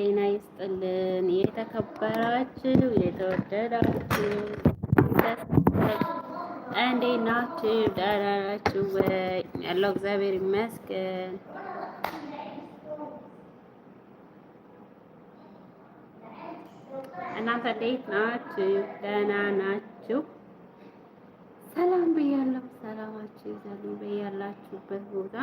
ጤና ይስጥልን። የተከበራችሁ የተወደዳችሁ እንዴት ናችሁ? ደህና ናችሁ ወይ? ያለው እግዚአብሔር ይመስገን። እናንተ እንዴት ናችሁ? ደህና ናችሁ? ሰላም ብያለሁ። ሰላማችሁ ይዘሉ በያላችሁበት ቦታ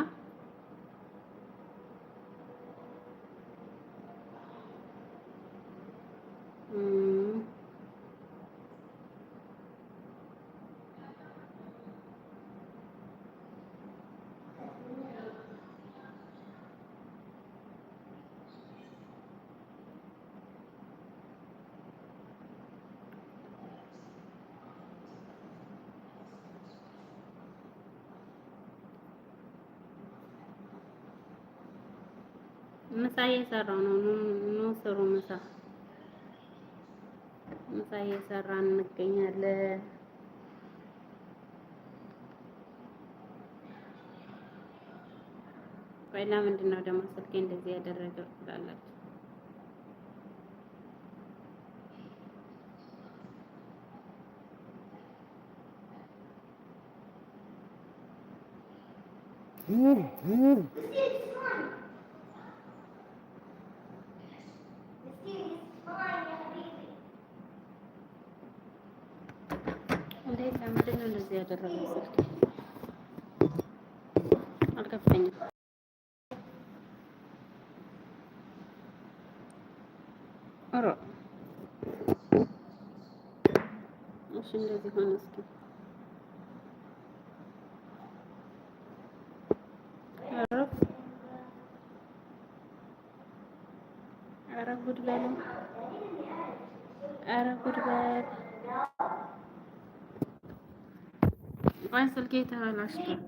ምሳ እየሰራው ነው። ኑ ስሩ ምሳ ምሳ እየሰራን እንገኛለን። ቆይ ለምንድን ነው ደግሞ ስልኬ እንደዚህ ያደረገው ትላላችሁ? እንደዚህ ያደረገ ስልክ አልከፈኝም። ኧረ እሺ፣ እንደዚህ ሆነ። እስኪ ኧረ ኧረ ጉድ በለው፣ ኧረ ጉድ በለው አይ ስልኬ ተበላሽቷል።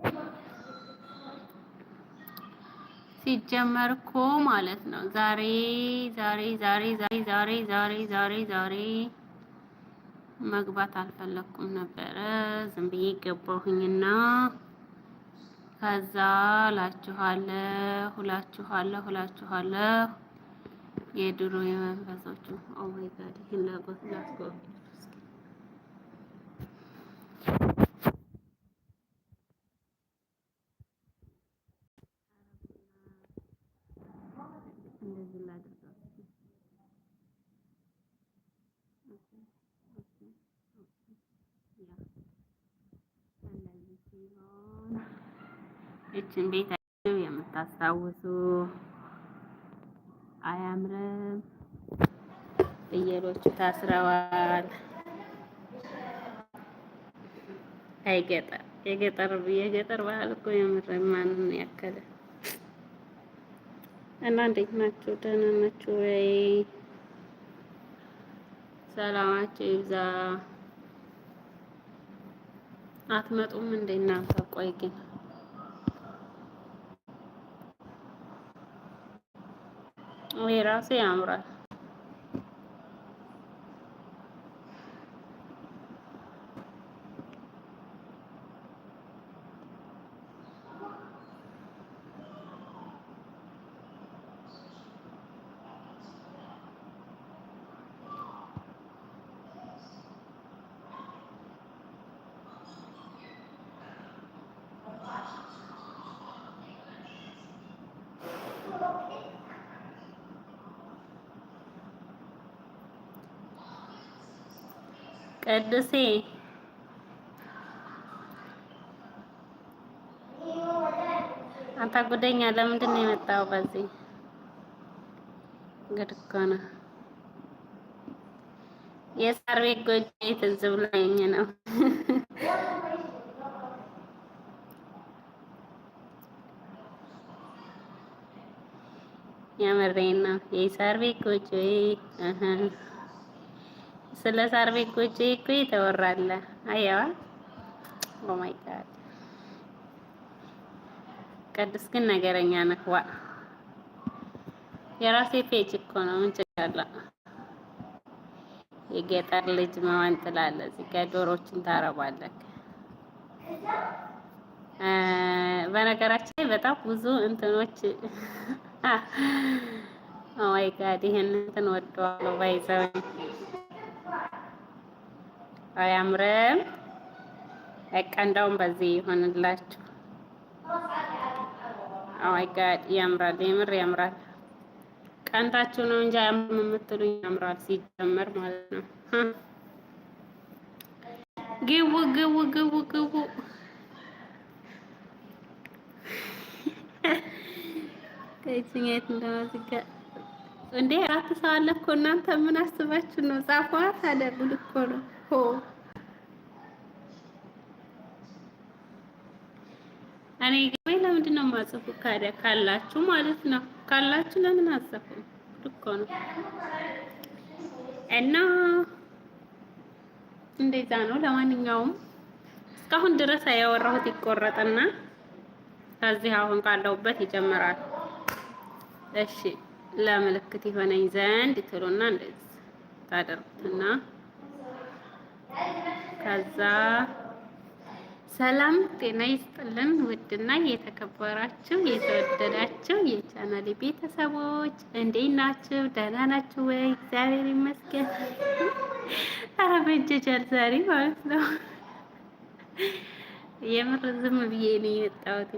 ሲጀመር እኮ ማለት ነው ዛሬ ዛሬ ዛሬ ዛሬ ዛሬ ዛሬ ዛሬ ዛሬ መግባት አልፈለኩም ነበረ። ዝም ብዬ ገባሁኝና ከዛ ላችኋለሁ ሁላችኋለሁ ሁላችኋለሁ የድሮ የመንፈሶቹ ኦ ማይ ጋድ ይሄን ላጎት ላስጎ ይችን ቤት የምታስታውሱ አያምርም? ፍየሎቹ ታስረዋል። አይገጠር የገጠር የገጠር ባህል እኮ የምር ማንን ያከለ እና እንዴት ናችሁ? ደህና ናችሁ ወይ? ሰላማችሁ ይብዛ። አትመጡም እንዴ እናንተ? ቆይ ግን এরা আছে আমরা ቅድሴ አንተ ጉደኛ ለምንድን ነው የመጣው? በዚህ ግድ እኮ ነው። የሳር ቤት ጎጆ ትዝ ብሎኝ ነው። የምሬን ነው። የሳር ቤት ስለ ሳር ቤት ቁጭ እኮ ተወራለ። አያዋ ኦ oh ማይ ጋድ ቅዱስ ግን ነገረኛ ነህ። ዋ የራሴ ፔጅ እኮ ነው። ምን ችግር የገጠር ልጅ መሆን ትላለህ። እዚህ ጋር ዶሮችን ታረባለህ። በነገራችን ላይ በጣም ብዙ እንትኖች ኦ ማይ ጋድ ይሄን እንትን ወደዋለሁ ባይዘው አያምርም? በቃ እንደውም በዚህ ይሆንላችሁ። አይ ያምራል፣ የምር ያምራል። ቀንታችሁ ነው እንጂ አያምርም የምትሉኝ ያምራል ሲጀመር ማለት ነው። ግቡ ግቡ ግቡ ግቡ። ከየትኛት እንደማዝጋ እንዴ አራት ሰው አለ እኮ እናንተ ምን አስባችሁ ነው? ጻፏት አለ እኮ ነው हो እኔ ግን ለምንድን ነው የማጽፉት ታዲያ? ካላችሁ ማለት ነው ካላችሁ ለምን አጽፉም እኮ ነው። እና እንደዛ ነው። ለማንኛውም እስካሁን ድረስ ያወራሁት ይቆረጥና ከዚህ አሁን ካለሁበት ይጀምራል። እሺ ለምልክት የሆነኝ ዘንድ ትሉና እንደዚህ ታደርጉትና ከዛ ሰላም ጤና ይስጥልን። ውድና የተከበራችሁ የተወደዳችሁ የቻናል ቤተሰቦች እንዴት ናችሁ? ደህና ናችሁ ወይ? እግዚአብሔር ይመስገን። ኧረ በጀጃል ዛሬ ማለት ነው። የምር ዝም ብዬ ነው የመጣሁት።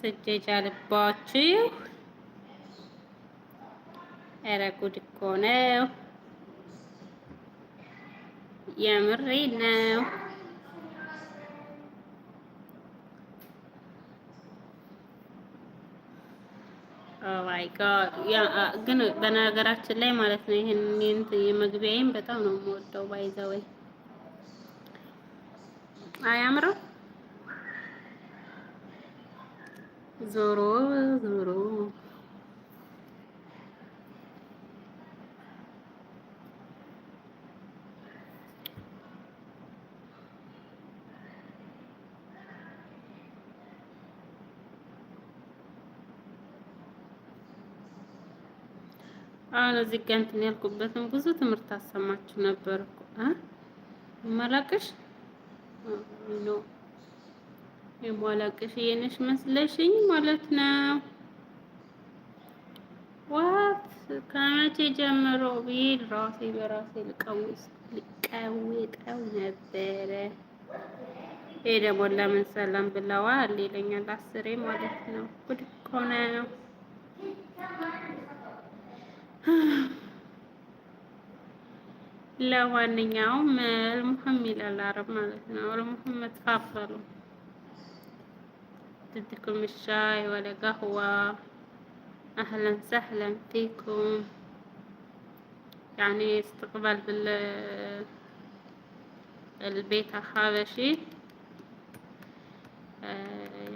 ስጀጃልባችሁ ኧረ ጉድ ነው። የምሬ ነው። oh ግን በነገራችን ላይ ማለት ነው ይህን የመግቢያዬን በጣም ነው የምወደው። ባይዛ ወይ አያምረው ዞሮ ዞሮ አሁን እዚህ ጋር እንትን ያልኩበትም ብዙ ትምህርት አሰማችሁ ነበር እኮ ማላቅሽ ኖ የማላቅሽ የነሽ መስለሽኝ ማለት ነው። ዋት ከመቼ ጀምሮ ቢል ራሴ በራሴ ልቀውስ ልቀውጠው ነበረ። ይሄ ደግሞ ለምን ሰላም ብለዋል ይለኛል አስሬ ማለት ነው። ጉድ እኮ ነው። ለዋነኛውም አልሙህም ይላል አረብ ማለት ነው። አልሙህም ተፋፈሉ ትድኩም ሻይ ወለ ቀህዋ አህለን ሰህለን ፊኩም ያኔ ስትቅበል ብል البيت الحبشي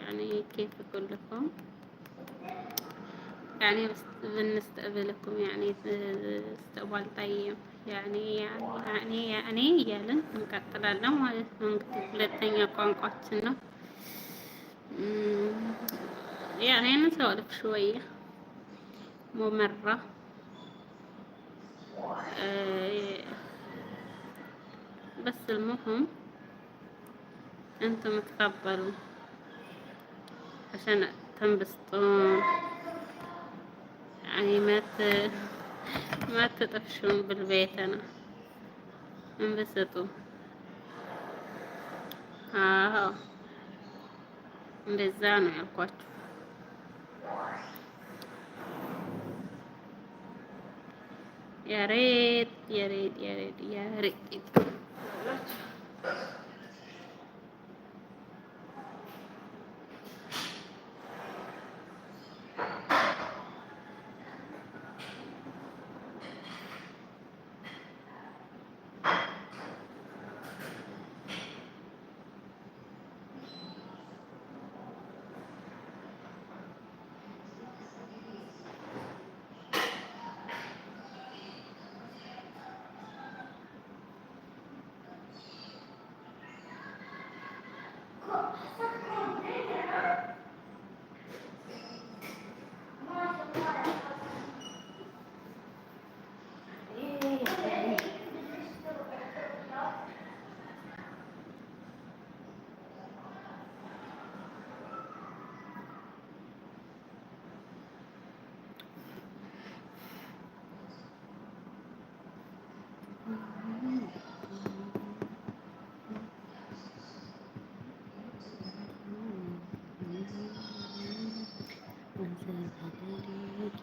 يعني كيف أقول لكم يعني بنستقبلكم يعني استقبال طيب يعني يعني يعني يعني እንቀጥላለን ማለት ነው። እንግዲህ ሁለተኛ ቋንቋችን ነው። يعني نسولف شوية مرة بس المهم انتم تقبلوا عشان تنبسطون يعني ما ت ما تطفشون بالبيت انا انبسطوا ها آه. ها انبزانا يلقواتوا يا ريت يا ريت يا ريت يا ريت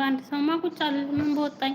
በአንድ ሰው ማ ምን በወጣኝ